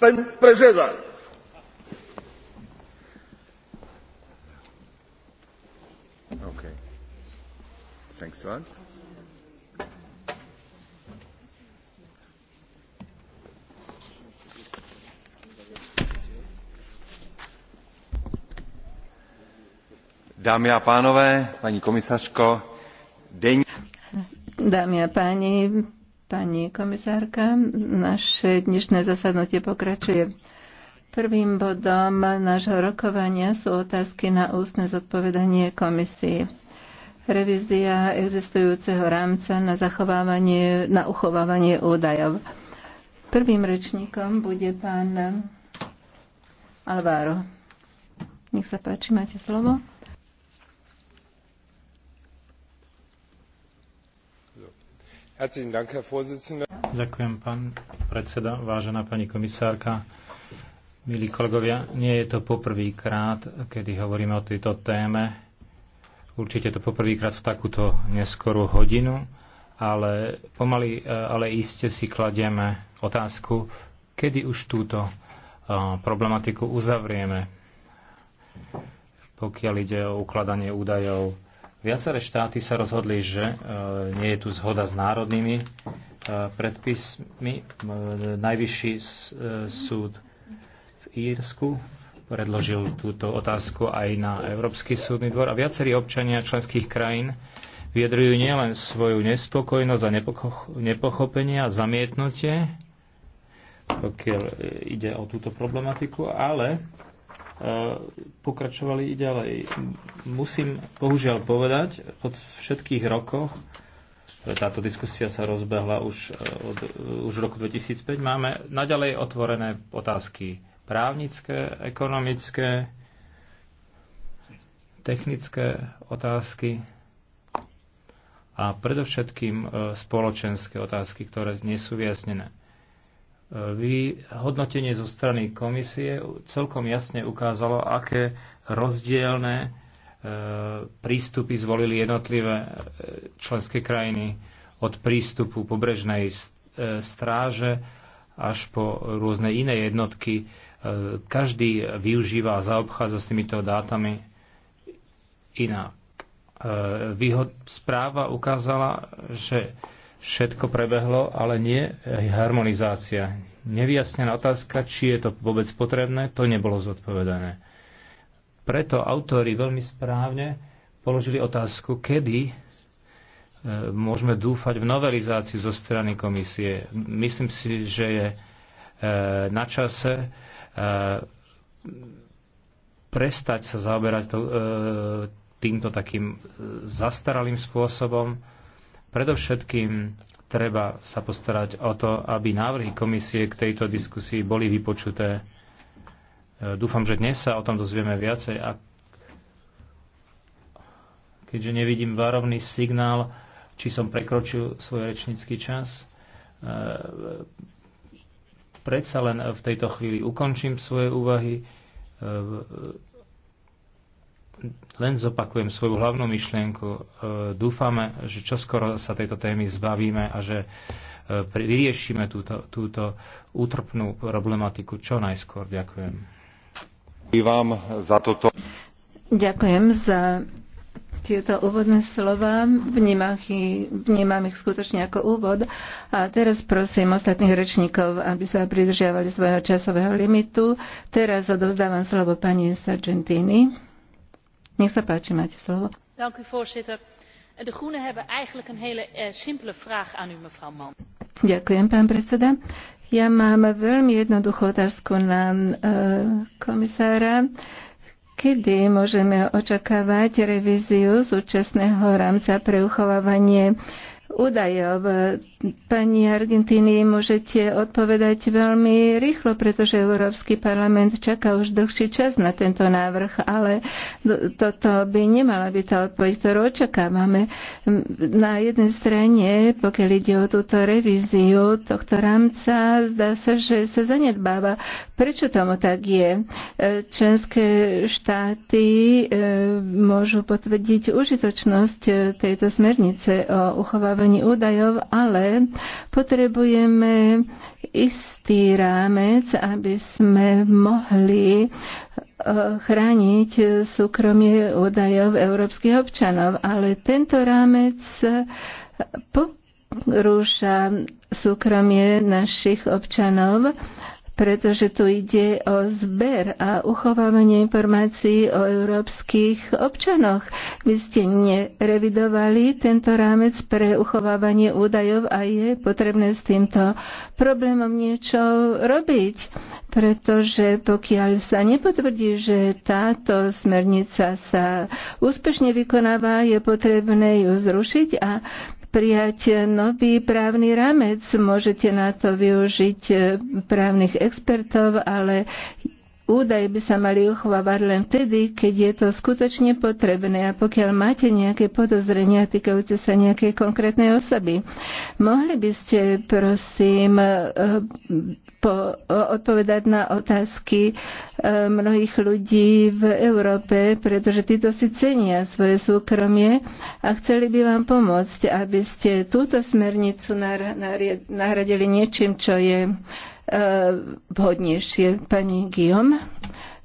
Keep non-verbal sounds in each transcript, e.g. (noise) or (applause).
Pan prezydent. Okay. Thanks a lot. Dámy a pánové, paní komisařko, deň... Dámy a páni, Pani komisárka, naše dnešné zasadnutie pokračuje. Prvým bodom nášho rokovania sú otázky na ústne zodpovedanie komisii. Revízia existujúceho rámca na, zachovávanie, na uchovávanie údajov. Prvým rečníkom bude pán Alvaro. Nech sa páči, máte slovo. Ďakujem, pán predseda, vážená pani komisárka, milí kolegovia. Nie je to poprvýkrát, kedy hovoríme o tejto téme. Určite to poprvýkrát v takúto neskorú hodinu, ale pomaly, eh, ale iste si kladieme otázku, kedy už túto eh, problematiku uzavrieme, pokiaľ ide o ukladanie údajov Viaceré štáty sa rozhodli, že e, nie je tu zhoda s národnými e, predpismi. E, najvyšší súd v Írsku predložil túto otázku aj na Európsky súdny dvor a viacerí občania členských krajín vyjadrujú nielen svoju nespokojnosť a nepochopenie a zamietnutie, pokiaľ ide o túto problematiku, ale E, pokračovali i ďalej. Musím bohužiaľ povedať, po všetkých rokoch, e, táto diskusia sa rozbehla už e, od už roku 2005, máme naďalej otvorené otázky právnické, ekonomické, technické otázky a predovšetkým spoločenské otázky, ktoré nie sú vyjasnené. Vyhodnotenie zo strany komisie celkom jasne ukázalo, aké rozdielne e, prístupy zvolili jednotlivé e, členské krajiny od prístupu pobrežnej e, stráže až po rôzne iné jednotky. Každý využíva a zaobchádza s týmito dátami inak. Správa ukázala, že všetko prebehlo, ale nie eh, harmonizácia. Nevyjasnená otázka, či je to vôbec potrebné, to nebolo zodpovedané. Preto autori veľmi správne položili otázku, kedy eh, môžeme dúfať v novelizáciu zo strany komisie. Myslím si, že je eh, na čase prestať sa zaoberať týmto takým zastaralým spôsobom, Predovšetkým treba sa postarať o to, aby návrhy komisie k tejto diskusii boli vypočuté. E, dúfam, že dnes sa o tom dozvieme viacej a keďže nevidím varovný signál, či som prekročil svoj rečnícky čas, e, predsa len v tejto chvíli ukončím svoje úvahy. E, len zopakujem svoju hlavnú myšlienku. E, dúfame, že čoskoro sa tejto témy zbavíme a že e, vyriešime túto, túto útrpnú problematiku čo najskôr. Ďakujem. Vám za toto. Ďakujem za tieto úvodné slova. Vnímam ich, vnímam ich skutočne ako úvod. A teraz prosím ostatných rečníkov, aby sa pridržiavali svojho časového limitu. Teraz odovzdávam slovo pani Sargentini. Nech sa páči, máte slovo. Dank u, voorzitter. De Groenen hebben eigenlijk een hele eh, simpele vraag aan u, mevrouw Mann. Ďakujem, pán predseda. Ja mám veľmi jednoduchú otázku na uh, komisára. Kedy môžeme očakávať revíziu súčasného rámca pre uchovávanie údajov. Pani Argentíny, môžete odpovedať veľmi rýchlo, pretože Európsky parlament čaká už dlhší čas na tento návrh, ale toto by nemala byť tá odpoveď, ktorú očakávame. Na jednej strane, pokiaľ ide o túto revíziu tohto rámca, zdá sa, že sa zanedbáva. Prečo tomu tak je? E, členské štáty e, môžu potvrdiť užitočnosť e, tejto smernice o uchovávaní získavaní údajov, ale potrebujeme istý rámec, aby sme mohli eh, chrániť súkromie údajov európskych občanov. Ale tento rámec eh, porúša súkromie našich občanov pretože tu ide o zber a uchovávanie informácií o európskych občanoch. Vy ste nerevidovali tento rámec pre uchovávanie údajov a je potrebné s týmto problémom niečo robiť, pretože pokiaľ sa nepotvrdí, že táto smernica sa úspešne vykonáva, je potrebné ju zrušiť a prijať nový právny rámec. Môžete na to využiť eh, právnych expertov, ale údaje by sa mali uchovávať len vtedy, keď je to skutočne potrebné a pokiaľ máte nejaké podozrenia týkajúce sa nejakej konkrétnej osoby. Mohli by ste, prosím, eh, po, odpovedať na otázky e, mnohých ľudí v Európe, pretože títo si cenia svoje súkromie a chceli by vám pomôcť, aby ste túto smernicu nahradili niečím, čo je e, vhodnejšie. Pani Guillaume.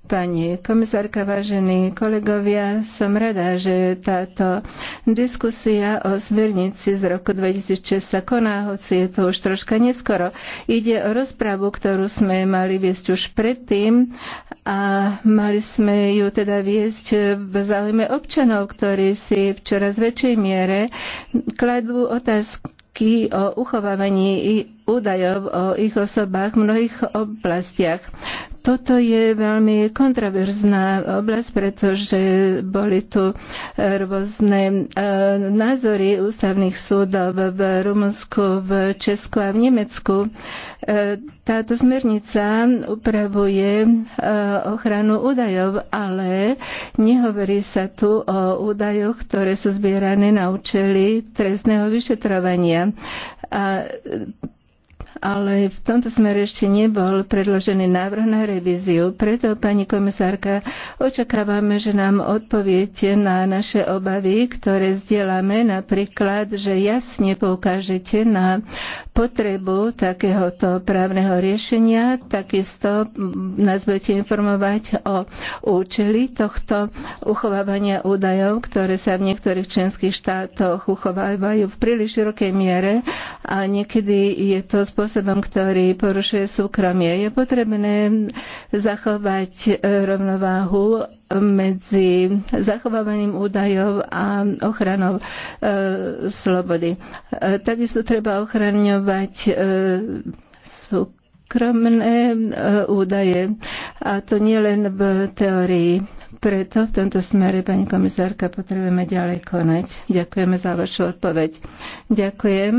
Pani komisárka, vážení kolegovia, som rada, že táto diskusia o smernici z roku 2006 sa koná, hoci je to už troška neskoro. Ide o rozpravu, ktorú sme mali viesť už predtým a mali sme ju teda viesť v záujme občanov, ktorí si v čoraz väčšej miere kladú otázky o uchovávaní údajov o ich osobách v mnohých oblastiach. Toto je veľmi kontroverzná oblasť, pretože boli tu e, rôzne e, názory ústavných súdov v Rumunsku, v Česku a v Nemecku. E, táto smernica upravuje ochranu údajov, ale nehovorí sa tu o údajoch, ktoré sú zbierané na účely trestného vyšetrovania. A ale v tomto smere ešte nebol predložený návrh na revíziu. Preto, pani komisárka, očakávame, že nám odpoviete na naše obavy, ktoré zdieľame, napríklad, že jasne poukážete na potrebu takéhoto právneho riešenia, takisto nás budete informovať o účeli tohto uchovávania údajov, ktoré sa v niektorých členských štátoch uchovávajú v príliš širokej miere a niekedy je to spôsob spôsobom, ktorý porušuje súkromie. Je potrebné zachovať e, rovnováhu medzi zachovávaním údajov a ochranou e, slobody. E, takisto treba ochraňovať e, súkromné e, údaje a to nie len v teórii. Preto v tomto smere, pani komisárka, potrebujeme ďalej konať. Ďakujeme za vašu odpoveď. Ďakujem.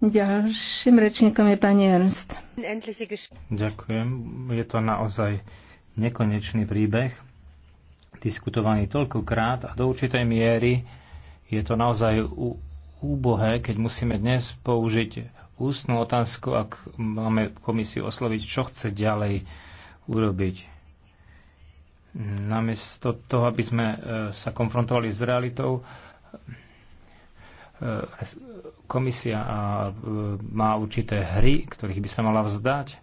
Ďalším rečníkom je pani Ernst. Ďakujem. Je to naozaj nekonečný príbeh, diskutovaný toľkokrát a do určitej miery je to naozaj úbohé, keď musíme dnes použiť ústnú otázku, ak máme komisiu osloviť, čo chce ďalej urobiť. Namiesto toho, aby sme e, sa konfrontovali s realitou, E, komisia e, má určité hry, ktorých by sa mala vzdať. E,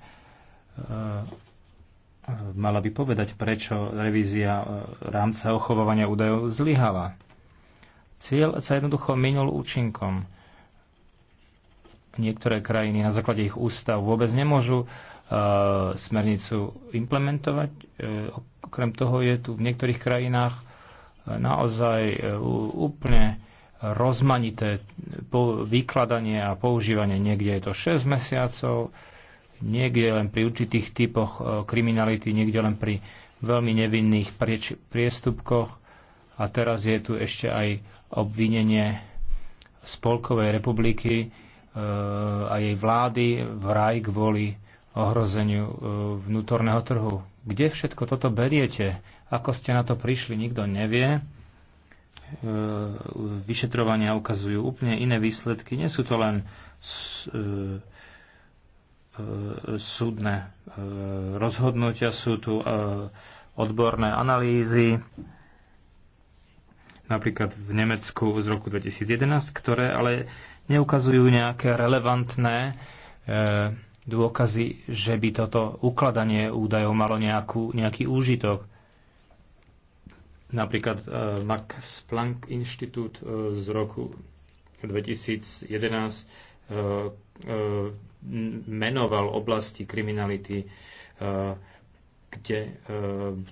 mala by povedať, prečo revízia rámca ochovávania údajov zlyhala. Cieľ sa jednoducho minul účinkom. Niektoré krajiny na základe ich ústav vôbec nemôžu smernicu implementovať. Okrem toho je tu v niektorých krajinách naozaj úplne rozmanité vykladanie a používanie. Niekde je to 6 mesiacov, niekde len pri určitých typoch e, kriminality, niekde len pri veľmi nevinných priestupkoch. A teraz je tu ešte aj obvinenie Spolkovej republiky e, a jej vlády v raj kvôli ohrozeniu e, vnútorného trhu. Kde všetko toto beriete? Ako ste na to prišli, nikto nevie. E, vyšetrovania ukazujú úplne iné výsledky. Nie sú to len e, e, súdne rozhodnutia, sú tu odborné analýzy, napríklad v Nemecku z roku 2011, ktoré ale neukazujú nejaké relevantné dôkazy, že by toto ukladanie údajov malo nejakú, nejaký úžitok Napríklad e, Max Planck Inštitút e, z roku 2011 e, menoval oblasti kriminality, kde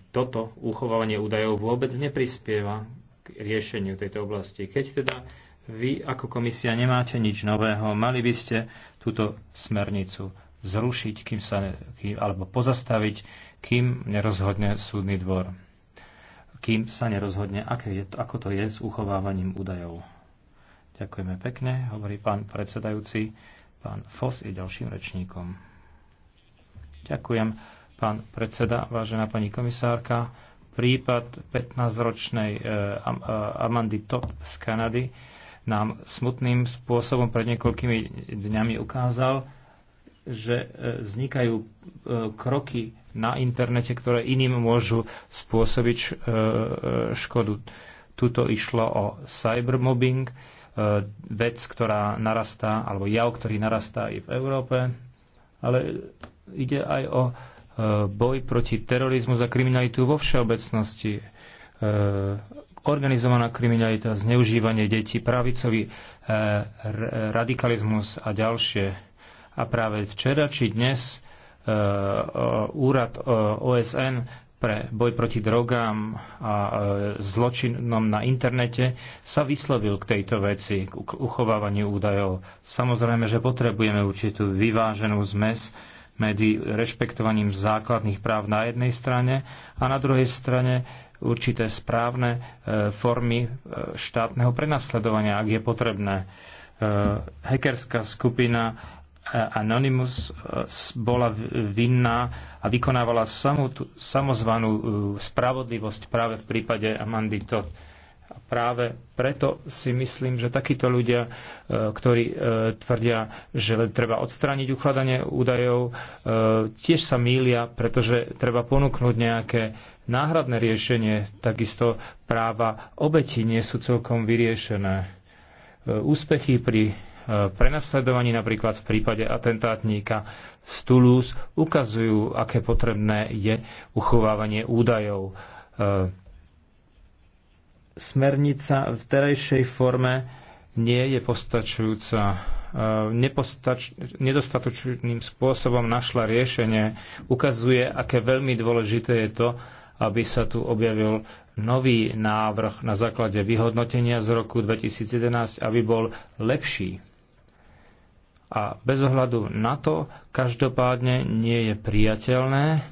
toto uchovávanie údajov vôbec neprispieva k riešeniu tejto oblasti. Keď teda vy ako komisia nemáte nič nového, mali by ste túto smernicu zrušiť, kým sa, kým, alebo pozastaviť, kým nerozhodne súdny dvor kým sa nerozhodne, aké je to, ako to je s uchovávaním údajov. Ďakujeme pekne, hovorí pán predsedajúci. Pán Fos je ďalším rečníkom. Ďakujem, pán predseda, vážená pani komisárka. Prípad 15-ročnej e, e, Amandy Top z Kanady nám smutným spôsobom pred niekoľkými dňami ukázal, že e, vznikajú e, kroky na internete, ktoré iným môžu spôsobiť e, škodu. Tuto išlo o cybermobbing, vec, ktorá narastá, alebo jav, ktorý narastá i v Európe, ale ide aj o boj proti terorizmu za kriminalitu vo všeobecnosti, organizovaná kriminalita, zneužívanie detí, pravicový radikalizmus a ďalšie a práve včera či dnes e, e, úrad e, OSN pre boj proti drogám a zločinom na internete sa vyslovil k tejto veci, k uchovávaniu údajov. Samozrejme, že potrebujeme určitú vyváženú zmes medzi rešpektovaním základných práv na jednej strane a na druhej strane určité správne formy štátneho prenasledovania, ak je potrebné. Hekerská skupina Anonymous e, bola vinná a vykonávala samozvanú e, spravodlivosť práve v prípade Amandy Todd. A práve preto si myslím, že takíto ľudia, e, ktorí tvrdia, že treba odstrániť ukladanie údajov, tiež sa mýlia, pretože treba ponúknuť nejaké náhradné riešenie. Takisto práva obeti nie sú celkom vyriešené. Úspechy pri prenasledovaní, napríklad v prípade atentátníka z Toulouse, ukazujú, aké potrebné je uchovávanie údajov. E, smernica v terajšej forme nie je postačujúca. E, nepostač- nedostatočným spôsobom našla riešenie, ukazuje, aké veľmi dôležité je to, aby sa tu objavil nový návrh na základe vyhodnotenia z roku 2011, aby bol lepší. A bez ohľadu na to, každopádne nie je priateľné,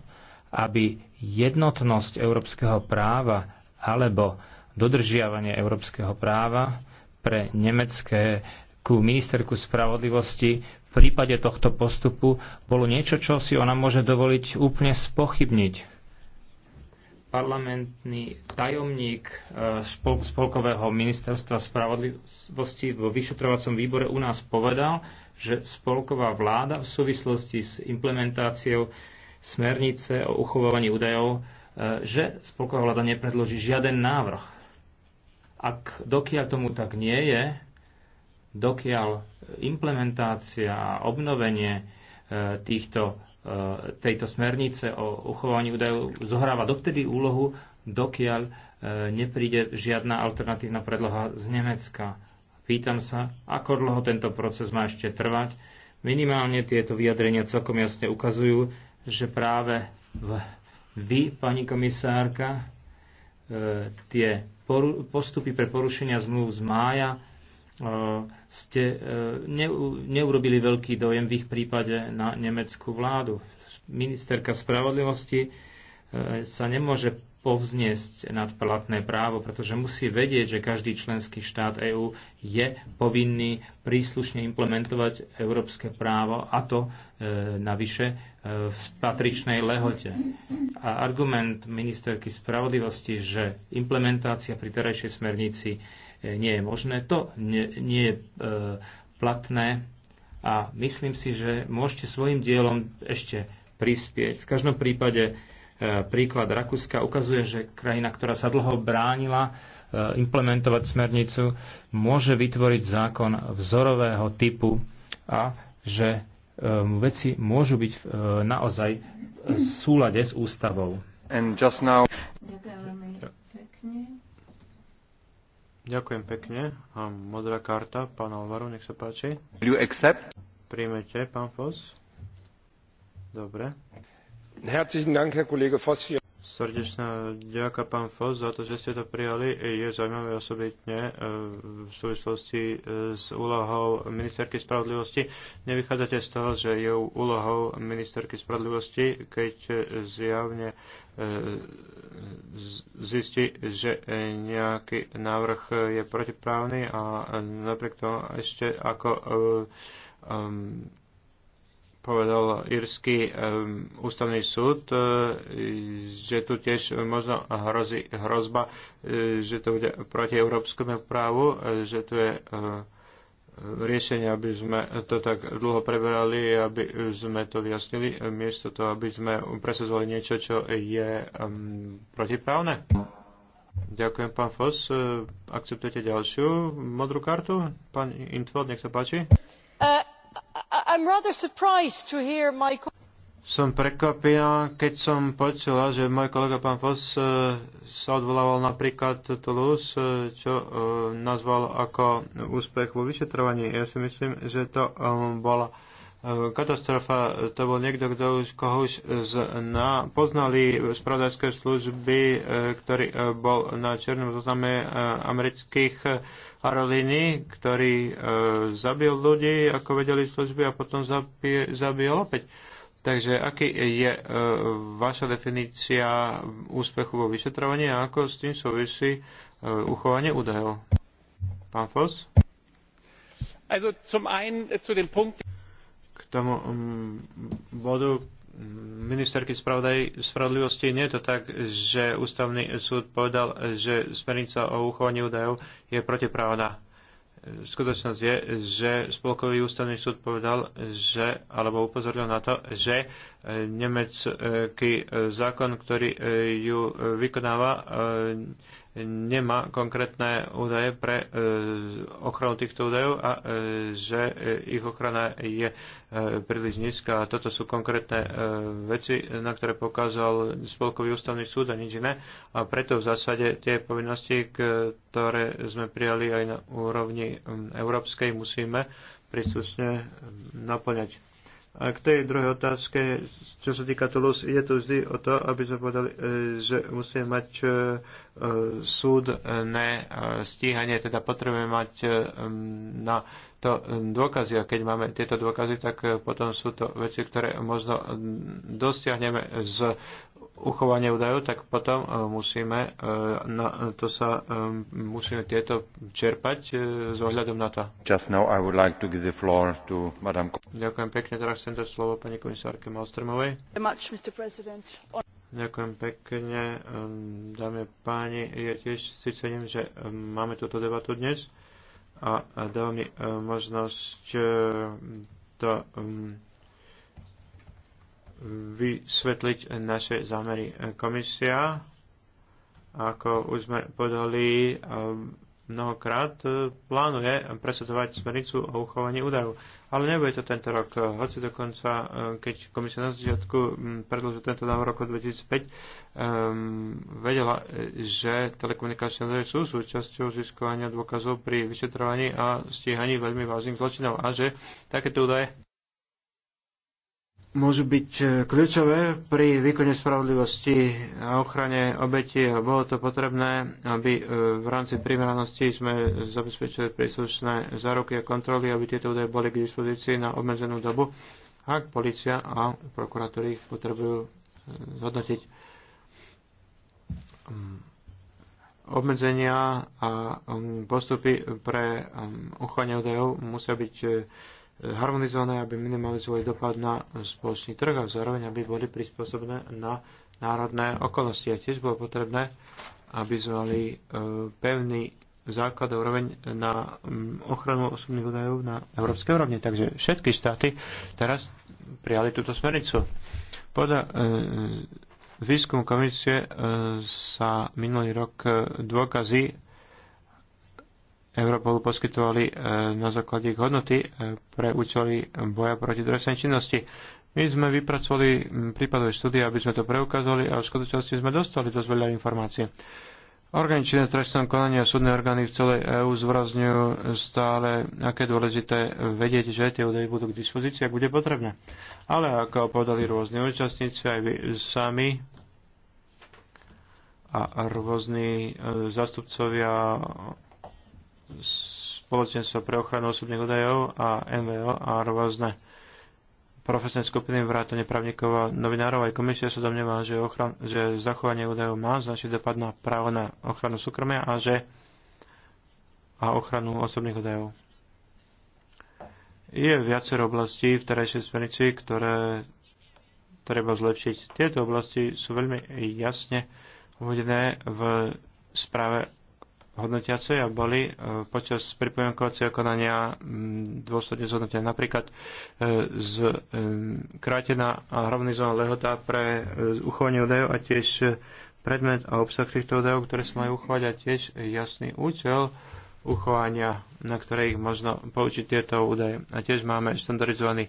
aby jednotnosť európskeho práva alebo dodržiavanie európskeho práva pre nemecké ku ministerku spravodlivosti v prípade tohto postupu bolo niečo, čo si ona môže dovoliť úplne spochybniť. Parlamentný tajomník e, Spolkového ministerstva spravodlivosti vo vyšetrovacom výbore u nás povedal, že spolková vláda v súvislosti s implementáciou smernice o uchovávaní údajov, e, že spolková vláda nepredloží žiaden návrh. Ak dokiaľ tomu tak nie je, dokiaľ implementácia a obnovenie e, týchto, e, tejto smernice o uchovaní údajov zohráva dovtedy úlohu, dokiaľ nepríde žiadna alternatívna predloha z Nemecka. Pýtam sa, ako dlho tento proces má ešte trvať. Minimálne tieto vyjadrenia celkom jasne ukazujú, že práve v, vy, pani komisárka, e, tie poru, postupy pre porušenia zmluv z mája e, ste e, neurobili veľký dojem v ich prípade na nemeckú vládu. Ministerka spravodlivosti e, sa nemôže povzniesť nadplatné právo, pretože musí vedieť, že každý členský štát EÚ je povinný príslušne implementovať európske právo a to e, navyše e, v patričnej lehote. A argument ministerky spravodlivosti, že implementácia pri terajšej smernici e, nie je možné, to nie, nie je e, platné a myslím si, že môžete svojim dielom ešte prispieť. V každom prípade E, príklad Rakúska ukazuje, že krajina, ktorá sa dlho bránila e, implementovať smernicu, môže vytvoriť zákon vzorového typu a že e, veci môžu byť naozaj v súlade s ústavou. Now... Ďakujem pekne. A modrá karta, pán Alvaro, nech sa páči. you accept? Príjmete, pán Fos? Dobre. Srdečná ďaká pán Foss za to, že ste to prijali. Je zaujímavé osobitne e, v súvislosti e, s úlohou ministerky spravodlivosti. Nevychádzate z toho, že je úlohou ministerky spravodlivosti, keď e, zjavne zistí, že nejaký návrh je protiprávny a napriek tomu ešte ako um, povedal írsky um, ústavný súd, uh, že tu tiež možno hrozí hrozba, uh, že to bude proti európskemu právu, uh, že tu je uh, riešenie, aby sme to tak dlho preberali, aby sme to vyjasnili, miesto toho, aby sme presadzovali niečo, čo je um, protiprávne. Ďakujem, pán Uh, Akceptujete ďalšiu modrú kartu? Pán Intfeld, nech sa páči. Som prekvapená, keď som počula, že môj kolega pán Foss e, sa odvolával napríklad Toulouse, e, čo e, nazval ako úspech vo vyšetrovaní. Ja si myslím, že to bola katastrofa. To bol niekto, kto už, koho už zna, poznali spravodajské služby, ktorý bol na černom zozname amerických Haralini, ktorý e, zabil ľudí, ako vedeli služby, a potom zabije, zabil opäť. Takže aký je e, vaša definícia úspechu vo vyšetrovaní a ako s tým súvisí e, uchovanie údajov? Pán Foss? Also zum einen äh, zu dem Punkt... K tomu um, bodu, ministerky spravodlivosti nie je to tak, že ústavný súd povedal, že smernica o uchovaní údajov je protiprávna. Skutočnosť je, že Spolkový ústavný súd povedal, že, alebo upozoril na to, že nemecký zákon, ktorý e, ju e, vykonáva, e, nemá konkrétne údaje pre ochranu týchto údajov a že ich ochrana je príliš nízka. Toto sú konkrétne veci, na ktoré pokázal Spolkový ústavný súd a nič iné. A preto v zásade tie povinnosti, ktoré sme prijali aj na úrovni európskej, musíme príslušne naplňať a k tej druhej otázke, čo sa týka Toulouse, ide tu vždy o to, aby sme povedali, e, že musíme mať e, e, súdne stíhanie, teda potrebujeme mať na to eh, dôkazy. A keď máme tieto dôkazy, tak eh, potom sú to veci, ktoré možno eh, dosiahneme z uchovania údajov, tak potom musíme, na to sa, musíme tieto čerpať s ohľadom na to. Just now I would like to give the floor to Madame... Ďakujem pekne, teraz chcem dať slovo pani komisárke Malstromovej. Ďakujem pekne, dámy a páni. Ja tiež si cením, že máme túto debatu dnes a dal mi e, možnosť e, to um, vysvetliť naše zámery. E, komisia, ako už sme podali mnohokrát, plánuje presadzovať smernicu o uchovaní údajov ale nebude to tento rok. Eh, hoci dokonca, eh, keď komisia na začiatku mm, predložila tento návrh roku 2005, um, ehm, vedela, eh, že telekomunikačné údaje sú súčasťou získovania dôkazov pri vyšetrovaní a stíhaní veľmi vážnych zločinov a že takéto údaje môžu byť e, kľúčové pri výkone spravodlivosti a ochrane obeti a bolo to potrebné, aby e, v rámci primeranosti sme zabezpečili príslušné záruky a kontroly, aby tieto údaje boli k dispozícii na obmedzenú dobu, ak policia a prokurátori ich potrebujú e, zhodnotiť. Mm. Obmedzenia a mm, postupy pre mm, uchovanie údajov musia byť harmonizované, aby minimalizovali dopad na spoločný trh a zároveň, aby boli prispôsobené na národné okolnosti. A tiež bolo potrebné, aby zvali e, pevný základ a úroveň na ochranu osobných údajov na európskej úrovni. Takže všetky štáty teraz prijali túto smernicu. Podľa e, výskumu komisie e, sa minulý rok dôkazy Europolu poskytovali e, na základe ich hodnoty e, pre účely boja proti trestnej činnosti. My sme vypracovali prípadové štúdie, aby sme to preukázali a v skutočnosti sme dostali dosť veľa informácie. Orgány činné konania a súdne orgány v celej EÚ zvrazňujú stále, aké dôležité vedieť, že tie údaje budú k dispozícii, ak bude potrebné. Ale ako povedali rôzni účastníci, aj vy sami a rôzni e, zástupcovia spoločenstva pre ochranu osobných údajov a MVO a rôzne profesné skupiny vrátane právnikov a novinárov aj komisia sa domnieva, že, ochran- že zachovanie údajov má značný dopad na právo na ochranu súkromia a že a ochranu osobných údajov. Je viacero oblastí v terajšej smernici, ktoré treba zlepšiť. Tieto oblasti sú veľmi jasne uvedené v správe hodnotiace a boli e, počas pripomienkovacieho konania mm, dôsledne zhodnotené. Napríklad e, z e, krátená a harmonizovaná lehota pre uchovanie údajov a tiež predmet a obsah týchto údajov, ktoré sa majú uchovať a tiež jasný účel uchovania, na ktoré ich možno poučiť tieto údaje. A tiež máme štandardizovaný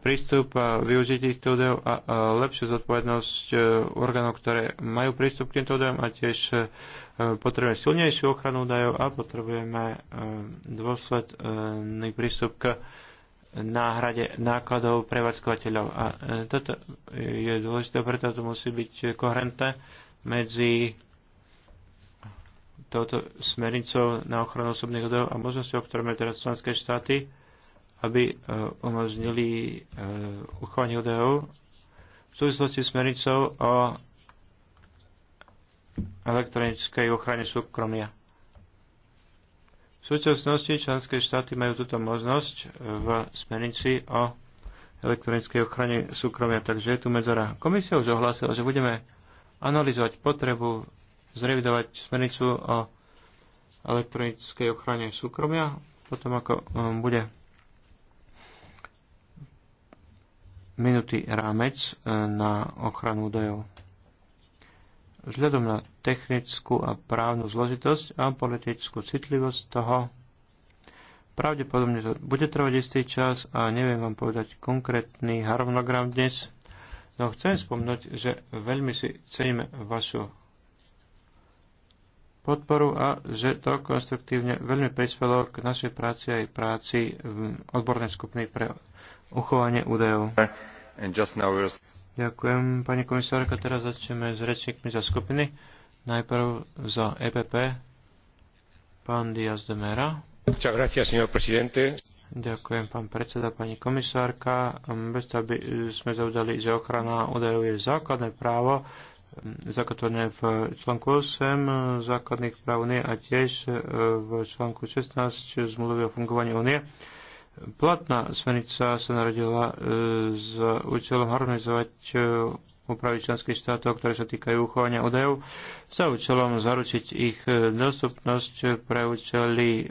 prístup a využitie týchto údajov a lepšiu zodpovednosť orgánov, ktoré majú prístup k týmto údajom a tiež E, potrebujeme silnejšiu ochranu údajov a potrebujeme e, dôsledný prístup k náhrade nákladov prevádzkovateľov. A e, toto je dôležité, preto to musí byť koherentné medzi touto smernicou na ochranu osobných údajov a možnosťou, ktoré majú teraz členské štáty, aby umožnili uchovanie údajov v súvislosti s smernicou o elektronickej ochrane súkromia. V súčasnosti členské štáty majú túto možnosť v smernici o elektronickej ochrane súkromia, takže je tu medzera. Komisia už ohlásila, že budeme analyzovať potrebu zrevidovať smernicu o elektronickej ochrane súkromia, potom ako um, bude minutý rámec uh, na ochranu údajov. Vzhľadom na technickú a právnu zložitosť a politickú citlivosť toho, pravdepodobne to bude trvať istý čas a neviem vám povedať konkrétny harmonogram dnes, no chcem spomnúť, že veľmi si ceníme vašu podporu a že to konstruktívne veľmi prispelo k našej práci aj práci v odbornej skupiny pre uchovanie údajov. Ďakujem, pani komisárka. Teraz začneme s rečníkmi za skupiny. Najprv za EPP, pán Diaz de Mera. Ďakujem, pán predseda, pani komisárka. Bez toho by sme zaudali, že ochrana údajov je základné právo, zakotvené v článku 8 základných práv Unie a tiež v článku 16 zmluvy o fungovaní Unie Platná smernica sa narodila e, s účelom harmonizovať e, úpravy členských štátov, ktoré sa týkajú uchovania údajov, za účelom zaručiť ich e, dostupnosť pre účely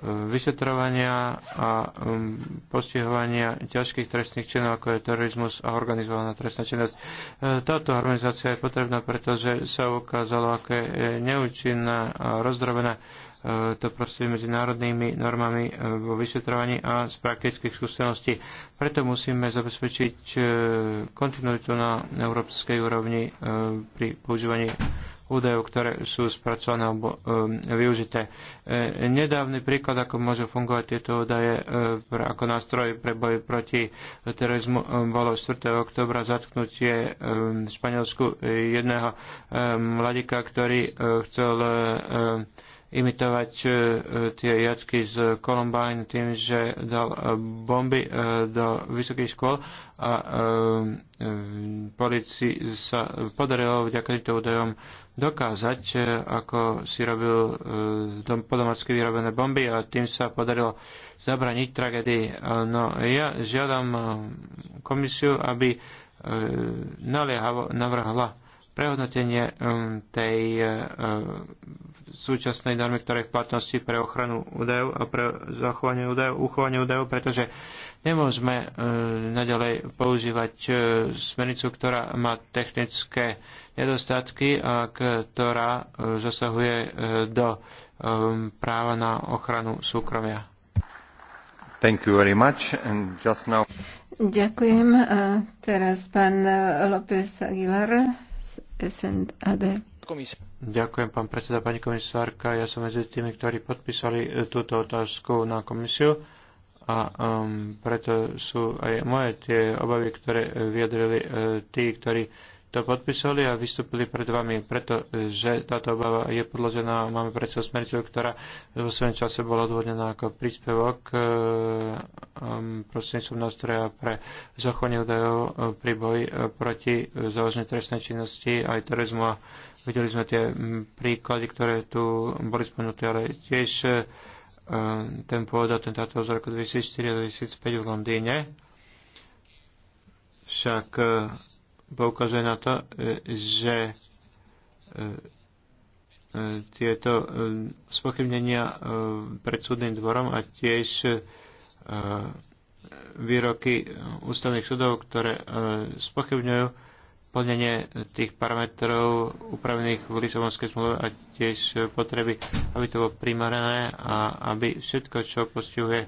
vyšetrovania a postihovania ťažkých trestných činov, ako je terorizmus a organizovaná trestná činnosť. Táto harmonizácia je potrebná, pretože sa ukázalo, aké je neúčinná a rozdrobená E, to prostredie medzinárodnými normami e, vo vyšetrovaní a z praktických skúseností. Preto musíme zabezpečiť e, kontinuitu na európskej úrovni pri používaní údajov, ktoré sú spracované alebo využité. nedávny príklad, ako môžu fungovať tieto údaje ako nástroj pre boj proti terorizmu, bolo 4. oktobra zatknutie v Španielsku jedného mladíka, ktorý chcel imitovať e, e, tie jacky z Columbine tým, že dal e, bomby do vysokých škôl a polici sa podarilo vďaka týmto údajom dokázať, ako si robil dom, podomacky vyrobené bomby a tým sa podarilo zabraniť tragédii. No ja žiadam komisiu, aby naliehavo navrhla prehodnotenie um, tej uh, súčasnej normy, ktoré je v platnosti pre ochranu údajov a pre zachovanie údajov, uchovanie údajov, pretože nemôžeme uh, naďalej používať uh, smernicu, ktorá má technické nedostatky a ktorá zasahuje do um, práva na ochranu súkromia. Thank you very much. And just now... Ďakujem. A teraz pán López Aguilar. SNAD. Ďakujem, pán predseda, pani komisárka. Ja som medzi tými, ktorí podpísali e, túto otázku na komisiu a um, preto sú aj moje tie obavy, ktoré e, vyjadrili uh, tí, ktorí uh, to podpísali a vystúpili pred vami, pretože táto obava je podložená, máme predsa smrťou, ktorá vo svojom čase bola odvodnená ako príspevok eh, um, prostredníctvom nástroja pre zachovanie údajov eh, pri boji eh, proti záležnej trestnej činnosti aj terorizmu a videli sme tie hm, príklady, ktoré tu boli spomenuté, ale tiež ten pôvod atentátov z roku 2004 a 2005 v Londýne. Však poukazuje na to, e, že e, e, tieto spochybnenia pred súdnym dvorom a tiež výroky ústavných súdov, ktoré spochybňujú plnenie tých parametrov upravených v Lisabonskej zmluve a tiež potreby, aby to bolo primarené a aby všetko, čo postihuje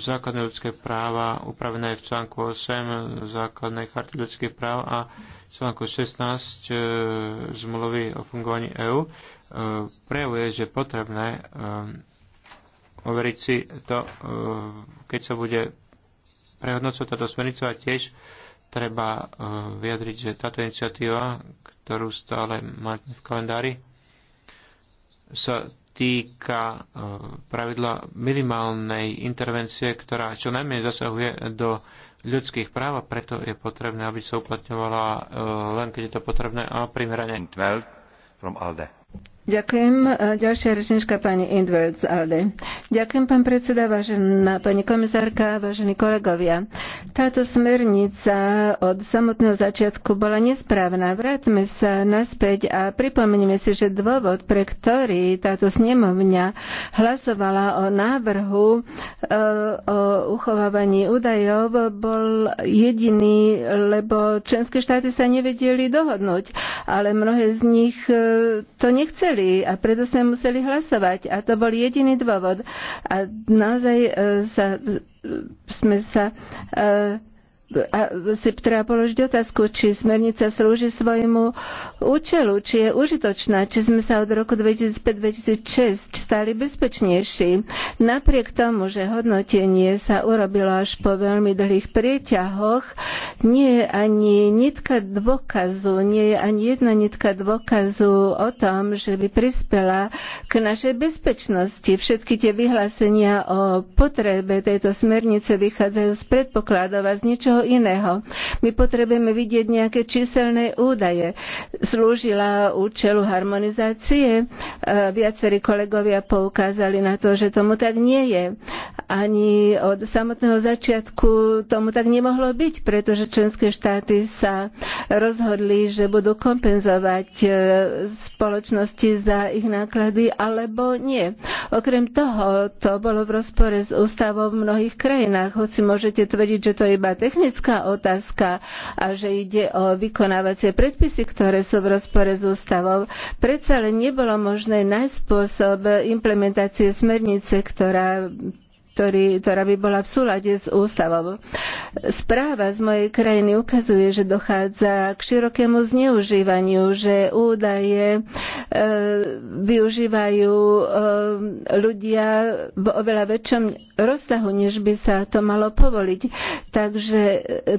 základné ľudské práva upravené v článku 8 základnej charty ľudských práv a článku 16 e, zmluvy o fungovaní EÚ e, prejavuje, že potrebné e, overiť si to, e, keď sa bude prehodnocovať táto smernica a tiež treba e, vyjadriť, že táto iniciatíva, ktorú stále máte v kalendári, sa týka e, pravidla minimálnej intervencie, ktorá čo najmenej zasahuje do ľudských práv a preto je potrebné, aby sa uplatňovala e, len keď je to potrebné a primerane. From ALDE. Ďakujem. E, ďalšia rečnička pani Indverts Alde. Ďakujem, pán predseda, vážená pani komisárka, vážení kolegovia. Táto smernica od samotného začiatku bola nesprávna. Vráťme sa naspäť a pripomeňme si, že dôvod, pre ktorý táto snemovňa hlasovala o návrhu e, o uchovávaní údajov, bol jediný, lebo členské štáty sa nevedeli dohodnúť, ale mnohé z nich e, to nechceli museli a preto sme museli hlasovať a to bol jediný dôvod. A naozaj e, sa, e, sme sa e, a si treba položiť otázku, či smernica slúži svojmu účelu, či je užitočná, či sme sa od roku 2005-2006 stali bezpečnejší. Napriek tomu, že hodnotenie sa urobilo až po veľmi dlhých prieťahoch, nie je ani nitka dôkazu, nie je ani jedna nitka dôkazu o tom, že by prispela k našej bezpečnosti. Všetky tie vyhlásenia o potrebe tejto smernice vychádzajú z predpokladov a z ničoho niečoho iného. My potrebujeme vidieť nejaké číselné údaje. Slúžila účelu harmonizácie. E, viacerí kolegovia poukázali na to, že tomu tak nie je. Ani od samotného začiatku tomu tak nemohlo byť, pretože členské štáty sa rozhodli, že budú kompenzovať e, spoločnosti za ich náklady alebo nie. Okrem toho, to bolo v rozpore s ústavou v mnohých krajinách, hoci môžete tvrdiť, že to je iba technické technická otázka a že ide o vykonávacie predpisy, ktoré sú v rozpore s ústavou. Predsa len nebolo možné nájsť spôsob implementácie smernice, ktorá ktorý, ktorá by bola v súlade s ústavou. Správa z mojej krajiny ukazuje, že dochádza k širokému zneužívaniu, že údaje e, využívajú e, ľudia v oveľa väčšom rozsahu, než by sa to malo povoliť. Takže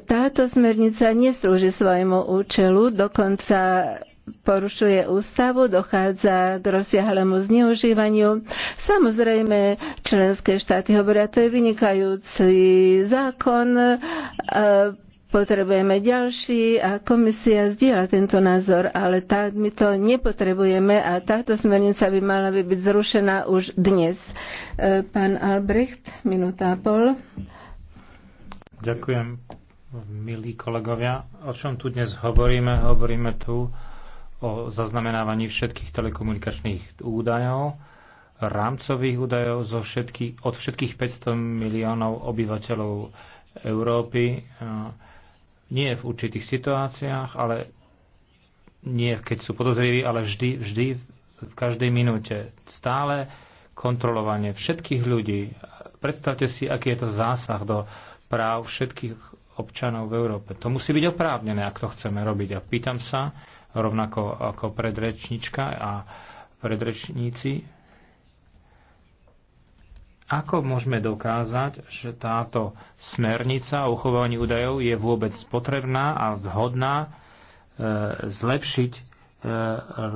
táto smernica nestrúži svojmu účelu, dokonca porušuje ústavu, dochádza k rozsiahlemu zneužívaniu. Samozrejme, členské štáty hovoria, to je vynikajúci zákon, e, potrebujeme ďalší a komisia zdieľa tento názor, ale tá, my to nepotrebujeme a táto smernica by mala by byť zrušená už dnes. E, pán Albrecht, minúta a pol. Ďakujem, milí kolegovia. O čom tu dnes hovoríme? Hovoríme tu o zaznamenávaní všetkých telekomunikačných údajov, rámcových údajov zo všetky, od všetkých 500 miliónov obyvateľov Európy. E, nie v určitých situáciách, ale nie keď sú podozriví, ale vždy, vždy v každej minúte. Stále kontrolovanie všetkých ľudí. Predstavte si, aký je to zásah do práv všetkých občanov v Európe. To musí byť oprávnené, ak to chceme robiť. A pýtam sa, rovnako ako predrečnička a predrečníci. Ako môžeme dokázať, že táto smernica o uchovaní údajov je vôbec potrebná a vhodná e, zlepšiť e,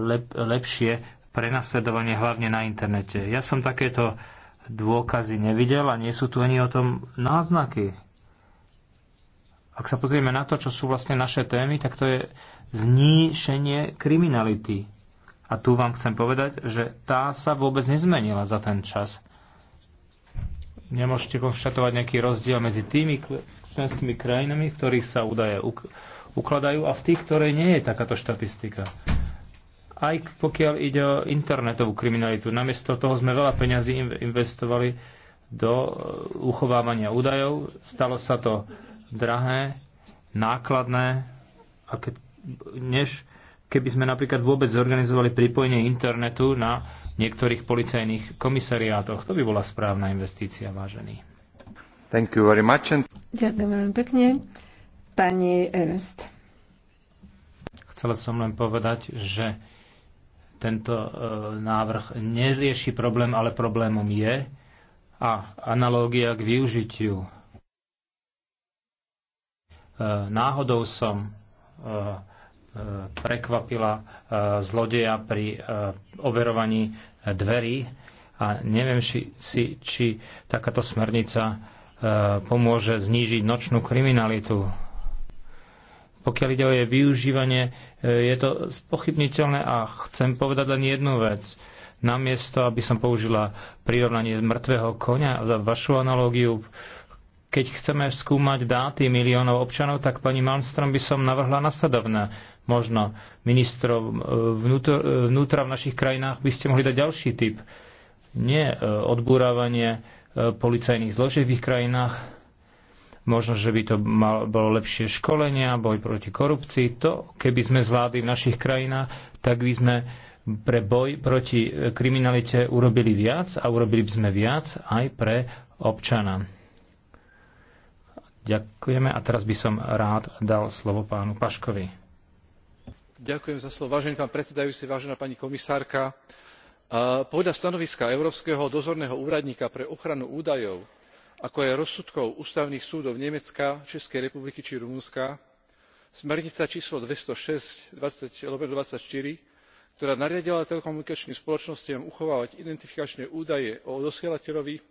lep, lepšie prenasledovanie hlavne na internete? Ja som takéto dôkazy nevidel a nie sú tu ani o tom náznaky. Ak sa pozrieme na to, čo sú vlastne naše témy, tak to je zníšenie kriminality. A tu vám chcem povedať, že tá sa vôbec nezmenila za ten čas. Nemôžete konštatovať nejaký rozdiel medzi tými členskými krajinami, v ktorých sa údaje ukladajú a v tých, ktoré nie je takáto štatistika. Aj pokiaľ ide o internetovú kriminalitu, namiesto toho sme veľa peňazí investovali do e, uchovávania údajov. Stalo sa to drahé, nákladné a keď, než keby sme napríklad vôbec zorganizovali pripojenie internetu na niektorých policajných komisariátoch. To by bola správna investícia, vážený. Thank you very much. And... Ďakujem veľmi pekne. Pani Ernst. Chcela som len povedať, že tento e, návrh nerieši problém, ale problémom je a analógia k využitiu E, náhodou som e, e, prekvapila zlodeja pri overovaní dverí a neviem si, či, takáto smernica pomôže znížiť nočnú kriminalitu. Pokiaľ ide o jej využívanie, je to spochybniteľné a chcem povedať len jednu vec. Namiesto, aby som použila prirovnanie mŕtvého konia za vašu analógiu, keď chceme skúmať dáty miliónov občanov, tak pani Malmstrom by som navrhla nasledovné. Možno ministrov e, e, vnútra v našich krajinách by ste mohli dať ďalší typ. Nie e, odbúravanie policajných zložiek v ich krajinách, možno, že by to mal, bolo lepšie školenia, boj proti korupcii. To, keby sme zvládli v našich krajinách, tak by sme pre boj proti kriminalite urobili viac a urobili by sme viac aj pre občana. Ďakujeme a teraz by som rád dal slovo pánu Paškovi. Ďakujem za slovo. Vážený pán predsedajúci, vážená pani komisárka, podľa stanoviska Európskeho dozorného úradníka pre ochranu údajov, ako aj rozsudkov ústavných súdov Nemecka, Českej republiky či Rumunska, smernica číslo 206 20, 24 ktorá nariadila telekomunikačným spoločnostiam uchovávať identifikačné údaje o dosielateľovi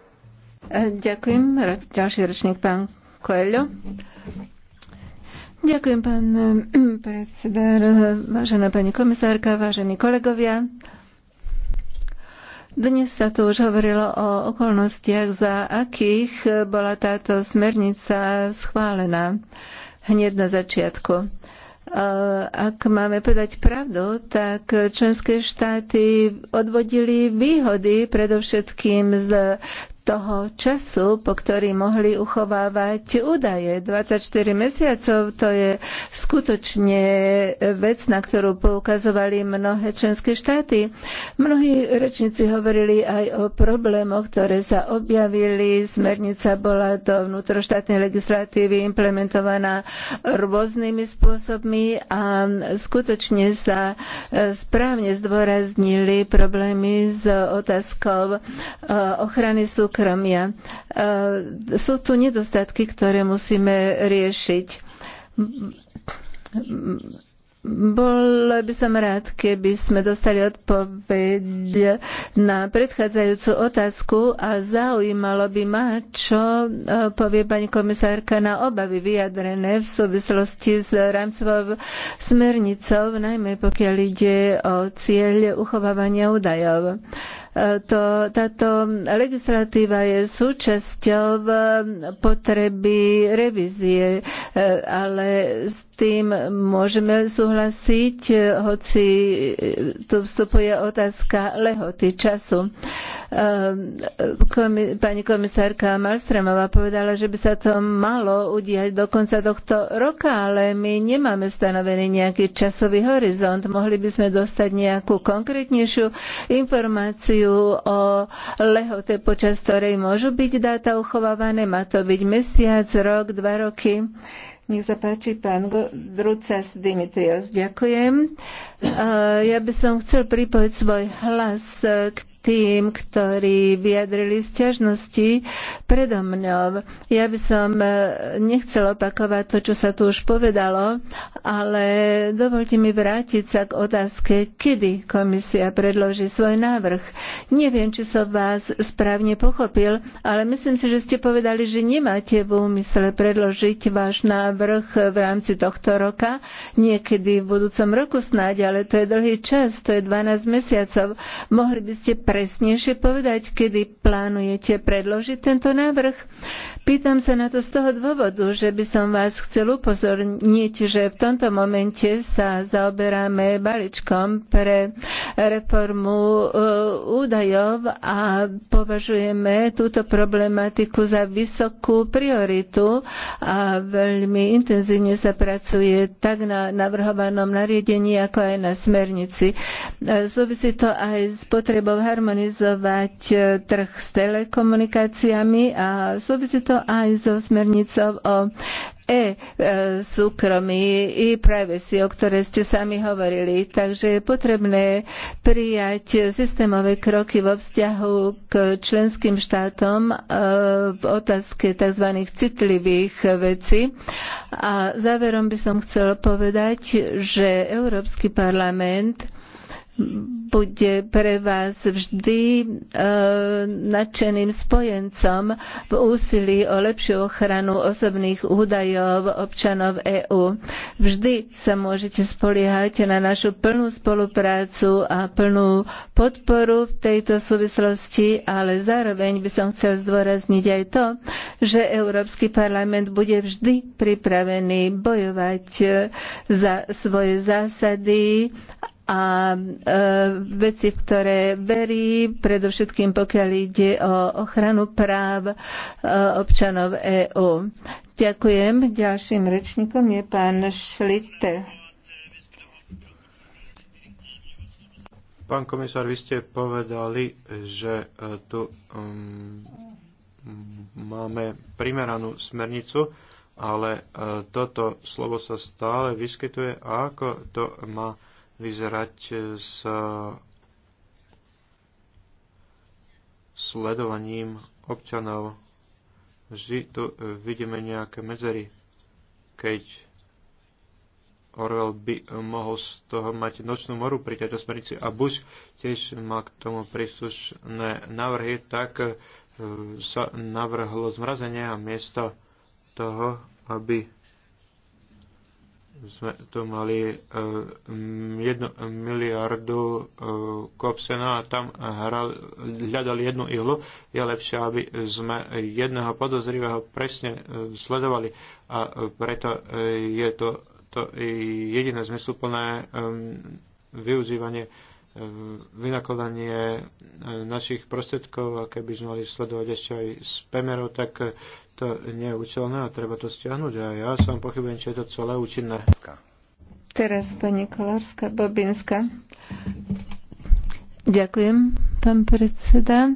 Ďakujem. Ďalší ročník, pán Koelho. Ďakujem, pán ehm, predseda, vážená pani komisárka, vážení kolegovia. Dnes sa tu už hovorilo o okolnostiach, za akých bola táto smernica schválená hneď na začiatku ak máme povedať pravdu, tak členské štáty odvodili výhody predovšetkým z toho času, po ktorý mohli uchovávať údaje. 24 mesiacov to je skutočne vec, na ktorú poukazovali mnohé členské štáty. Mnohí rečníci hovorili aj o problémoch, ktoré sa objavili. Smernica bola do vnútroštátnej legislatívy implementovaná rôznymi spôsobmi a skutočne sa e, správne zdôraznili problémy s otázkou e, ochrany súkromia súkromia. E, sú tu nedostatky, ktoré musíme riešiť. Bol by som rád, keby sme dostali odpoveď na predchádzajúcu otázku a zaujímalo by ma, čo e, povie pani komisárka na obavy vyjadrené v súvislosti s rámcovou smernicou, najmä pokiaľ ide o cieľ uchovávania údajov. To, táto legislatíva je súčasťou eh, potreby revízie, eh, ale s tým môžeme súhlasiť, eh, hoci tu vstupuje otázka lehoty času. Ehm, komi, pani komisárka Malstremová povedala, že by sa to malo udiať do konca tohto roka, ale my nemáme stanovený nejaký časový horizont. Mohli by sme dostať nejakú konkrétnejšiu informáciu o lehote, počas ktorej môžu byť dáta uchovávané. Má to byť mesiac, rok, dva roky. Nech sa páči, pán Drucas Dimitrios. Ďakujem. Ehm, ja by som chcel pripojiť svoj hlas k tým, ktorí vyjadrili stiažnosti predo mňou. Ja by som e, nechcel opakovať to, čo sa tu už povedalo, ale dovolte mi vrátiť sa k otázke, kedy komisia predloží svoj návrh. Neviem, či som vás správne pochopil, ale myslím si, že ste povedali, že nemáte v úmysle predložiť váš návrh v rámci tohto roka, niekedy v budúcom roku snáď, ale to je dlhý čas, to je 12 mesiacov. Mohli by ste presnejšie povedať, kedy plánujete predložiť tento návrh? Pýtam sa na to z toho dôvodu, že by som vás chcel upozorniť, že v tomto momente sa zaoberáme balíčkom pre reformu e, údajov a považujeme túto problematiku za vysokú prioritu a veľmi intenzívne sa pracuje tak na navrhovanom nariadení, ako aj na smernici. E, súvisí to aj s potrebou harmonizácie harmonizovať eh, trh s telekomunikáciami a súvisí to aj so smernicou o e-súkromí, e-privacy, o ktoré ste sami hovorili. Takže je potrebné prijať systémové kroky vo vzťahu k členským štátom eh, v otázke tzv. citlivých vecí. A záverom by som chcela povedať, že Európsky parlament bude pre vás vždy e, nadšeným spojencom v úsilí o lepšiu ochranu osobných údajov občanov EÚ. Vždy sa môžete spoliehať na našu plnú spoluprácu a plnú podporu v tejto súvislosti, ale zároveň by som chcel zdôrazniť aj to, že Európsky parlament bude vždy pripravený bojovať e, za svoje zásady a e, veci, v ktoré verí, predovšetkým pokiaľ ide o ochranu práv e, občanov EÚ. Ďakujem. Ďalším rečníkom je pán Schlichter. Pán komisár, vy ste povedali, že e, tu um, máme primeranú smernicu, ale uh, toto slovo sa stále vyskytuje a ako to má uh, vyzerať e, s e, sledovaním občanov. Vždy tu e, vidíme nejaké medzery, keď Orwell by mohol z toho mať nočnú moru pri tejto smernici a Bush tiež má k tomu príslušné návrhy, tak sa navrhlo zmrazenie a miesto toho, aby sme to mali e, jednu miliardu e, kopsena a tam hral, hľadali jednu ihlu. Je lepšie, aby sme jedného podozrivého presne e, sledovali a preto je to, to jediné zmysluplné využívanie vynakladanie e, našich prostriedkov a keby sme mali sledovať ešte aj z pemerov, tak to nie je účelné a treba to stiahnuť a ja som pochybujem, či je to celé účinné. Teraz pani Kolárska, Bobinska. Ďakujem, pán predseda.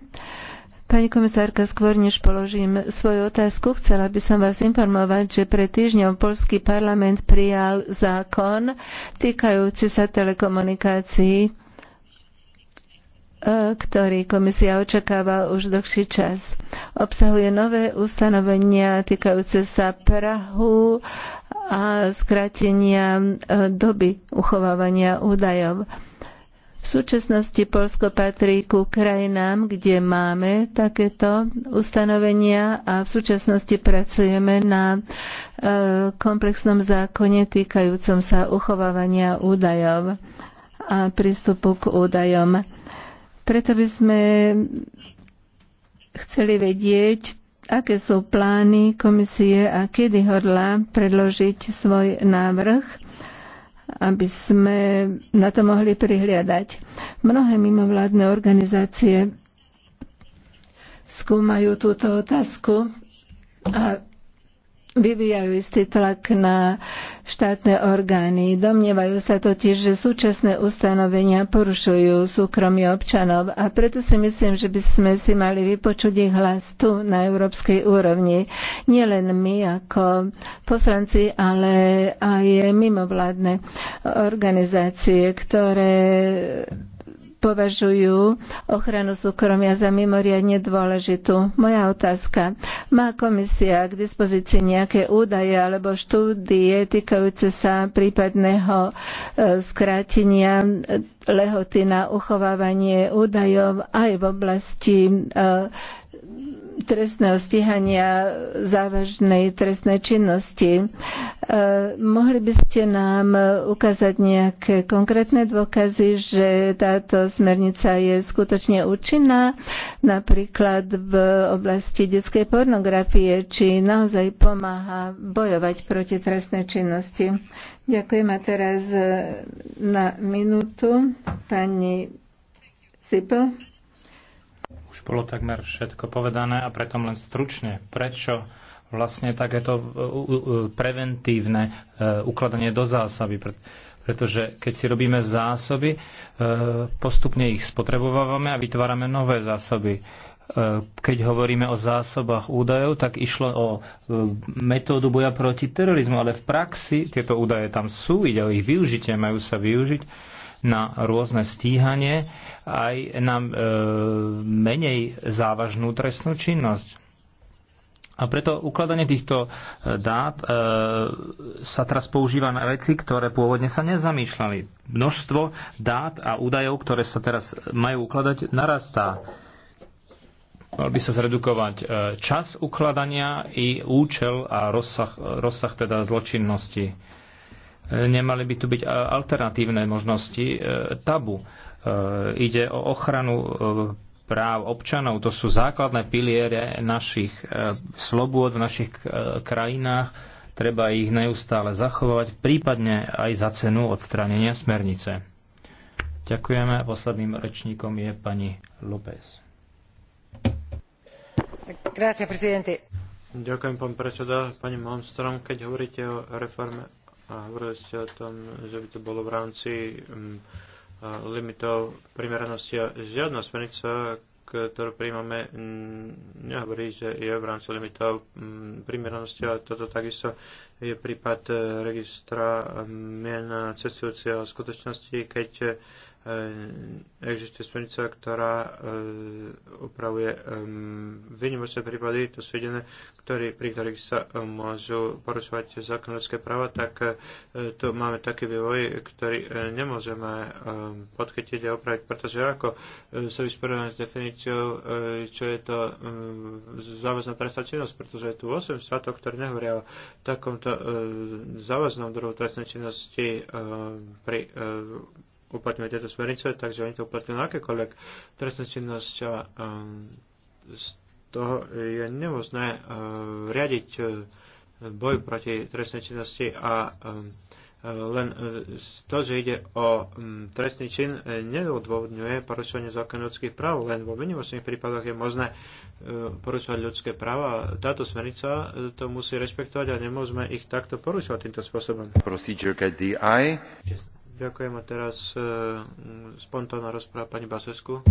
Pani komisárka, skôr než položím svoju otázku, chcela by som vás informovať, že pred týždňom Polský parlament prijal zákon týkajúci sa telekomunikácií E, ktorý komisia očakáva už dlhší čas. Obsahuje nové ustanovenia týkajúce sa Prahu a skrátenia e, doby uchovávania údajov. V súčasnosti Polsko patrí ku krajinám, kde máme takéto ustanovenia a v súčasnosti pracujeme na e, komplexnom zákone týkajúcom sa uchovávania údajov a prístupu k údajom. Preto by sme chceli vedieť, aké sú plány komisie a kedy hodlá predložiť svoj návrh aby sme na to mohli prihliadať. Mnohé mimovládne organizácie skúmajú túto otázku a vyvíjajú istý tlak na štátne orgány. Domnievajú sa totiž, že súčasné ustanovenia porušujú súkromie občanov a preto si myslím, že by sme si mali vypočuť ich hlas tu na európskej úrovni. Nielen my ako poslanci, ale aj mimovládne organizácie, ktoré považujú ochranu súkromia za mimoriadne dôležitú. Moja otázka. Má komisia k dispozícii nejaké údaje alebo štúdie týkajúce sa prípadného e, skrátenia e, lehoty na uchovávanie údajov aj v oblasti e, trestného stíhania závažnej trestnej činnosti. E, mohli by ste nám ukázať nejaké konkrétne dôkazy, že táto smernica je skutočne účinná, napríklad v oblasti detskej pornografie, či naozaj pomáha bojovať proti trestnej činnosti. Ďakujem a teraz na minútu pani Sipel bolo takmer všetko povedané a preto len stručne, prečo vlastne takéto e, preventívne e, ukladanie do zásoby. Pretože keď si robíme zásoby, e, postupne ich spotrebovávame a vytvárame nové zásoby keď hovoríme o zásobách údajov, tak išlo o metódu boja proti terorizmu, ale v praxi tieto údaje tam sú, ide o ich využitie, majú sa využiť na rôzne stíhanie aj na e, menej závažnú trestnú činnosť. A preto ukladanie týchto e, dát e, sa teraz používa na veci, ktoré pôvodne sa nezamýšľali. Množstvo dát a údajov, ktoré sa teraz majú ukladať, narastá. Mal by sa zredukovať e, čas ukladania i účel a rozsah, rozsah teda zločinnosti. Nemali by tu byť e, alternatívne možnosti e, tabu. E, ide o ochranu práv občanov. To sú základné piliere našich slobôd v našich krajinách. Treba ich neustále zachovať, prípadne aj za cenu odstránenia smernice. Ďakujeme. Posledným rečníkom je pani López. Ďakujem, pán predseda. Pani Monstrom. keď hovoríte o reforme a hovorili ste o tom, že by to bolo v rámci mm, limitov primeranosti a žiadna smernica, ktorú príjmame, nehovorí, že je v rámci limitov mm, primeranosti a toto takisto je prípad e, registra mm, mien cestujúceho a skutočnosti, keď Eh, existuje smernica, ktorá eh, upravuje ehm, vynimočné prípady, to sú jediné, ktorý, pri ktorých sa eh, môžu porušovať zákonodárske práva, tak tu máme taký vývoj, ktorý nemôžeme ehm, podchytiť a opraviť, pretože ako sa vysporiadame s definíciou, čo je to ehm, záväzná trestná činnosť, pretože je tu 8 štátov, ktoré nehovoria o takomto záväznom druhu trestnej činnosti pri uplatňovať tieto smernice, takže oni to uplatňujú na akékoľvek trestnú činnosť a um, z toho je nemožné uh, riadiť uh, boj proti trestnej činnosti a um, uh, len uh, to, že ide o um, trestný čin, uh, neodôvodňuje porušovanie zákona ľudských práv, len vo minimočných prípadoch je možné porušovať ľudské práva. Táto smernica to musí rešpektovať a nemôžeme ich takto porušovať týmto spôsobom. Procedure Ďakujem a teraz e, spontánna rozpráva pani Basescu.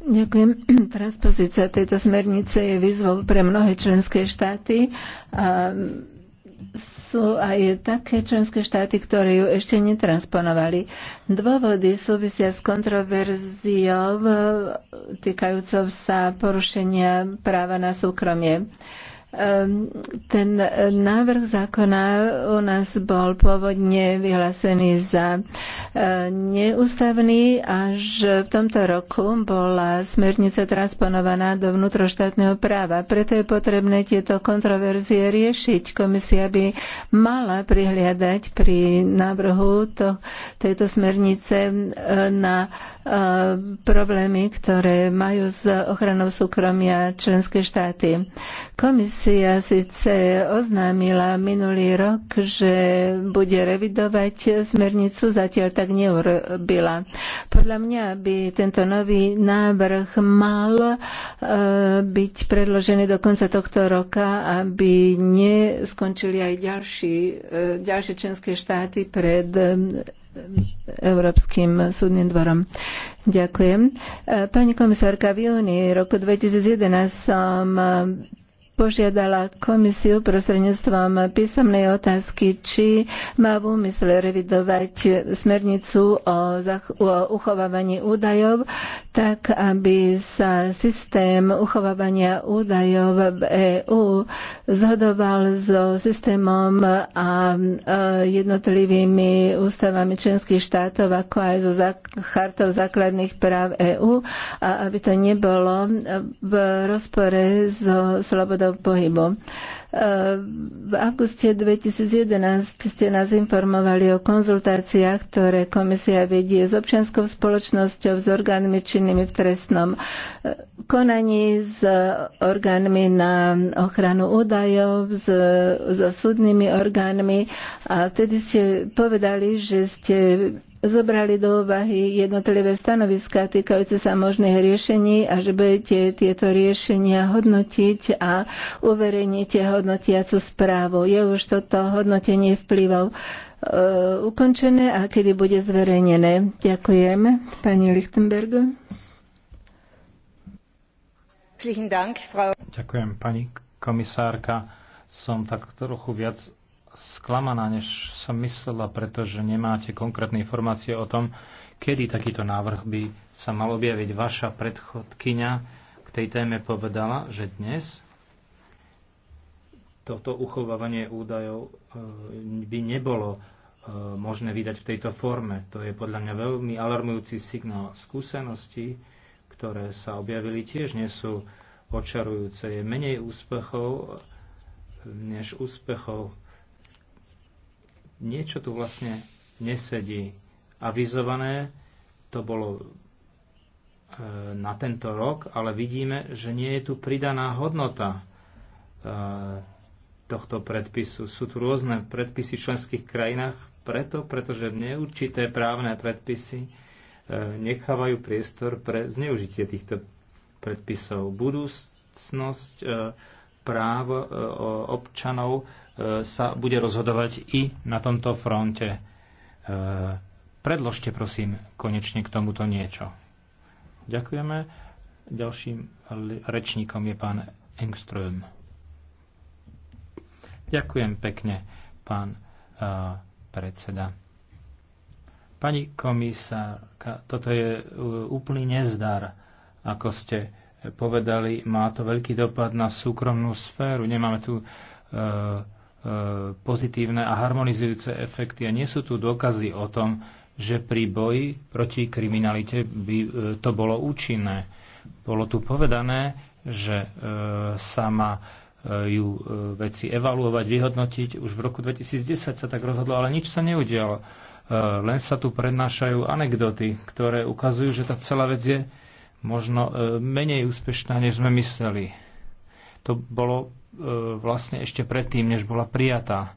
Ďakujem. (clears throat) Transpozícia tejto smernice je výzvou pre mnohé členské štáty a sú aj také členské štáty, ktoré ju ešte netransponovali. Dôvody súvisia s kontroverziou e, týkajúcou sa porušenia práva na súkromie. Ehm, ten e, návrh zákona u nás bol pôvodne vyhlásený za e, neústavný, až v tomto roku bola smernica transponovaná do vnútroštátneho práva. Preto je potrebné tieto kontroverzie riešiť. Komisia by mala prihliadať pri návrhu to, tejto smernice e, na problémy, ktoré majú s ochranou súkromia členské štáty. Komisia Komisia síce oznámila minulý rok, že bude revidovať smernicu, zatiaľ tak neurobila. Podľa mňa by tento nový návrh mal e, byť predložený do konca tohto roka, aby neskončili aj ďalší, e, ďalšie členské štáty pred e, Európskym súdnym dvorom. Ďakujem. Pani komisárka, v júni roku 2011 som požiadala komisiu prostredníctvom písomnej otázky, či má v úmysle revidovať smernicu o, o uchovávaní údajov, tak aby sa systém uchovávania údajov v EÚ zhodoval so systémom a e, jednotlivými ústavami členských štátov, ako aj so chartou základných práv EÚ a aby to nebolo v rozpore so slobodou voľného e, V auguste 2011 ste nás informovali o konzultáciách, ktoré komisia vedie s občianskou spoločnosťou, s orgánmi činnými v trestnom e, konaní, s orgánmi na ochranu údajov, s, so súdnymi orgánmi. A vtedy ste povedali, že ste zobrali do úvahy jednotlivé stanoviská týkajúce sa možných riešení a že budete tieto riešenia hodnotiť a uverejnite hodnotiacu správu. Je už toto hodnotenie vplyvov e, ukončené a kedy bude zverejnené. Ďakujem, pani Lichtenberg. Ďakujem, pani komisárka. Som tak trochu viac sklamaná, než som myslela, pretože nemáte konkrétne informácie o tom, kedy takýto návrh by sa mal objaviť. Vaša predchodkyňa k tej téme povedala, že dnes toto uchovávanie údajov eh, by nebolo eh, možné vydať v tejto forme. To je podľa mňa veľmi alarmujúci signál. Skúsenosti, ktoré sa objavili, tiež nie sú očarujúce. Je menej úspechov než úspechov niečo tu vlastne nesedí. Avizované to bolo e, na tento rok, ale vidíme, že nie je tu pridaná hodnota e, tohto predpisu. Sú tu rôzne predpisy v členských krajinách, preto, pretože neurčité právne predpisy e, nechávajú priestor pre zneužitie týchto predpisov. Budúcnosť práv občanov sa bude rozhodovať i na tomto fronte. E, predložte prosím konečne k tomuto niečo. Ďakujeme. Ďalším rečníkom je pán Engström. Ďakujem pekne, pán e, predseda. Pani komisárka, toto je e, úplný nezdar, ako ste povedali, má to veľký dopad na súkromnú sféru. Nemáme tu uh, pozitívne a harmonizujúce efekty a nie sú tu dôkazy o tom, že pri boji proti kriminalite by e, to bolo účinné. Bolo tu povedané, že e, sa má e, ju veci evaluovať, vyhodnotiť. Už v roku 2010 sa tak rozhodlo, ale nič sa neudialo. Len sa tu prednášajú anekdoty, ktoré ukazujú, že tá celá vec je možno menej úspešná, než sme mysleli. To bolo E, vlastne ešte predtým, než bola prijatá.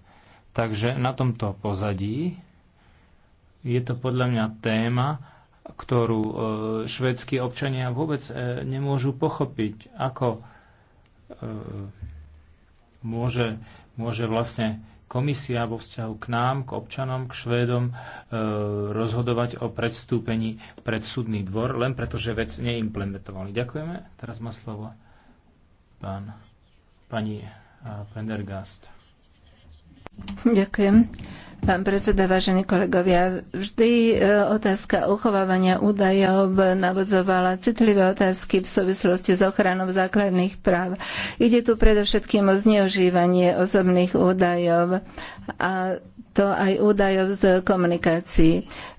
Takže na tomto pozadí je to podľa mňa téma, ktorú e, švedskí občania vôbec e, nemôžu pochopiť, ako môže, môže vlastne komisia vo vzťahu k nám, k občanom, k Švédom rozhodovať o predstúpení pred súdny dvor, len preto, že vec neimplementovali. Ďakujeme. Teraz má slovo pán pani eh, Pendergast. Ďakujem. Pán predseda, vážení kolegovia, vždy eh, otázka uchovávania údajov navodzovala citlivé otázky v súvislosti s ochranou základných práv. Ide tu predovšetkým o zneužívanie osobných údajov a to aj údajov z komunikácií.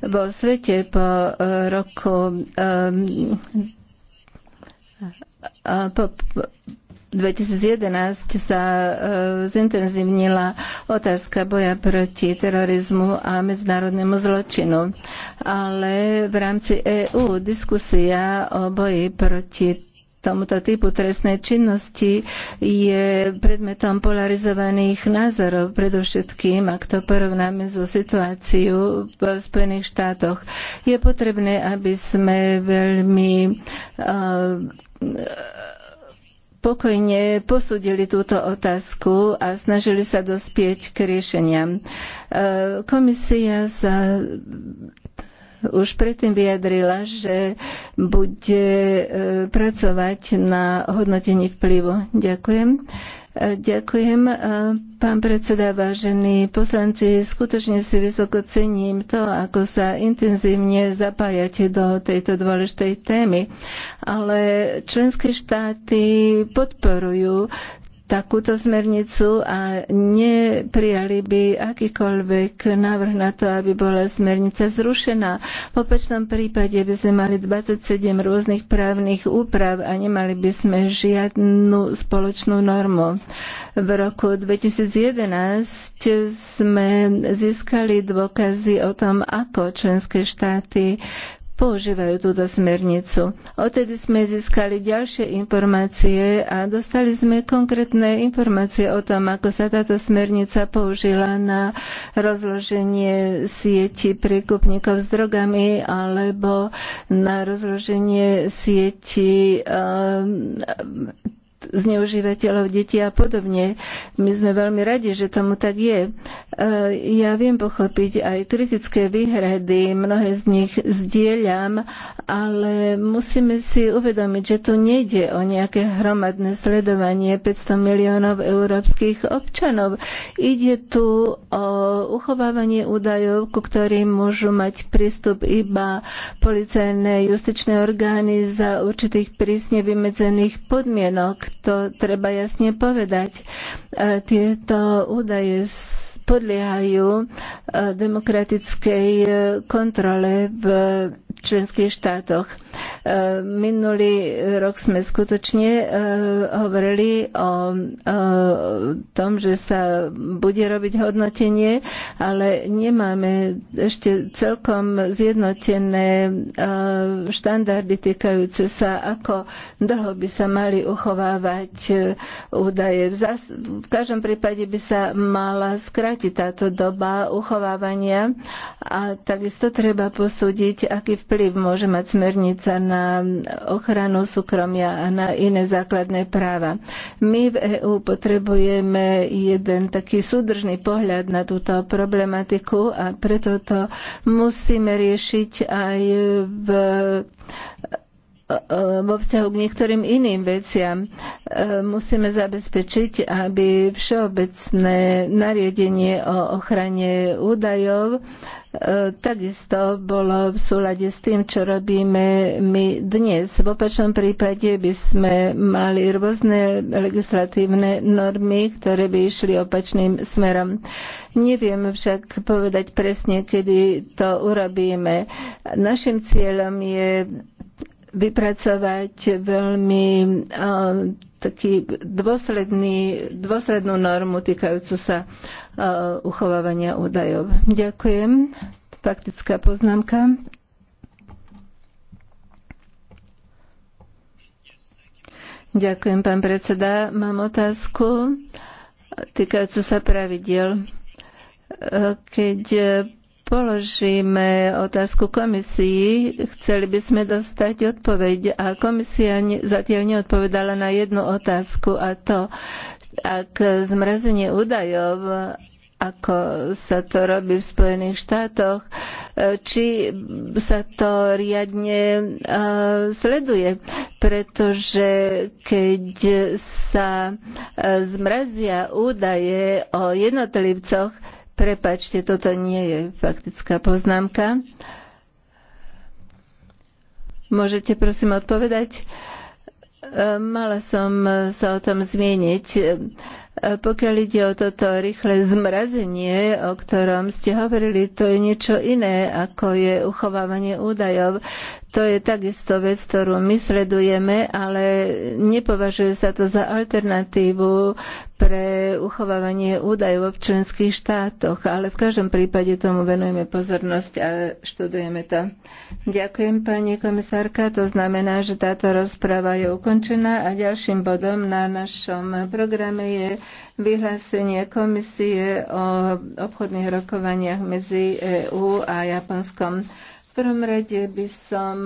Vo svete po eh, roku um, po, 2011 sa e, zintenzívnila otázka boja proti terorizmu a medzinárodnému zločinu. Ale v rámci EÚ diskusia o boji proti tomuto typu trestnej činnosti je predmetom polarizovaných názorov, predovšetkým, ak to porovnáme so situáciu v Spojených štátoch. Je potrebné, aby sme veľmi uh, pokojne posúdili túto otázku a snažili sa dospieť k riešeniam. E, komisia sa už predtým vyjadrila, že bude e, pracovať na hodnotení vplyvu. Ďakujem. Ďakujem. E, pán predseda, vážení poslanci, skutočne si vysoko cením to, ako sa intenzívne zapájate do tejto dôležitej témy. Ale členské štáty podporujú takúto smernicu a neprijali by akýkoľvek návrh na to, aby bola smernica zrušená. V opačnom prípade by sme mali 27 rôznych právnych úprav a nemali by sme žiadnu spoločnú normu. V roku 2011 sme získali dôkazy o tom, ako členské štáty používajú túto smernicu. Odtedy sme získali ďalšie informácie a dostali sme konkrétne informácie o tom, ako sa táto smernica použila na rozloženie sieti príkupníkov s drogami alebo na rozloženie sieti um, zneužívateľov detí a podobne. My sme veľmi radi, že tomu tak je. E, ja viem pochopiť aj kritické výhrady, mnohé z nich zdieľam, ale musíme si uvedomiť, že tu nejde o nejaké hromadné sledovanie 500 miliónov európskych občanov. Ide tu o uchovávanie údajov, ku ktorým môžu mať prístup iba policajné justičné orgány za určitých prísne vymedzených podmienok to treba jasne povedať. E, tieto údaje podliehajú e, demokratickej e, kontrole v členských štátoch. Minulý rok sme skutočne e, hovorili o tom, že sa bude robiť hodnotenie, ale nemáme ešte celkom zjednotené e, štandardy týkajúce sa, ako dlho by sa mali uchovávať e, údaje. V každom prípade by sa mala skrátiť táto doba uchovávania a takisto treba posúdiť, aký vplyv môže mať smernica smernica na ochranu súkromia a na iné základné práva. My v EÚ potrebujeme jeden taký súdržný pohľad na túto problematiku a preto to musíme riešiť aj v Eh, vo vzťahu k niektorým iným veciam. Eh, musíme zabezpečiť, aby všeobecné nariadenie o ochrane údajov eh, takisto bolo v súlade s tým, čo robíme my dnes. V opačnom prípade by sme mali rôzne legislatívne normy, ktoré by išli opačným smerom. Neviem však povedať presne, kedy to urobíme. Našim cieľom je vypracovať veľmi uh, taký dôsledný, dôslednú normu týkajúcu sa uh, uchovávania údajov. Ďakujem. Faktická poznámka. Ďakujem, pán predseda. Mám otázku týkajúcu sa pravidel. Keď položíme otázku komisii, chceli by sme dostať odpoveď a komisia zatiaľ neodpovedala na jednu otázku a to, ak zmrazenie údajov ako sa to robí v Spojených štátoch, či sa to riadne sleduje, pretože keď sa zmrazia údaje o jednotlivcoch, Prepačte, toto nie je faktická poznámka. Môžete prosím odpovedať? E, mala som sa o tom zmieniť. E, pokiaľ ide o toto rýchle zmrazenie, o ktorom ste hovorili, to je niečo iné, ako je uchovávanie údajov. To je takisto vec, ktorú my sledujeme, ale nepovažuje sa to za alternatívu pre uchovávanie údajov v členských štátoch, ale v každom prípade tomu venujeme pozornosť a študujeme to. Ďakujem, pani komisárka. To znamená, že táto rozpráva je ukončená a ďalším bodom na našom programe je vyhlásenie komisie o obchodných rokovaniach medzi EÚ a Japonskom. V prvom rade by som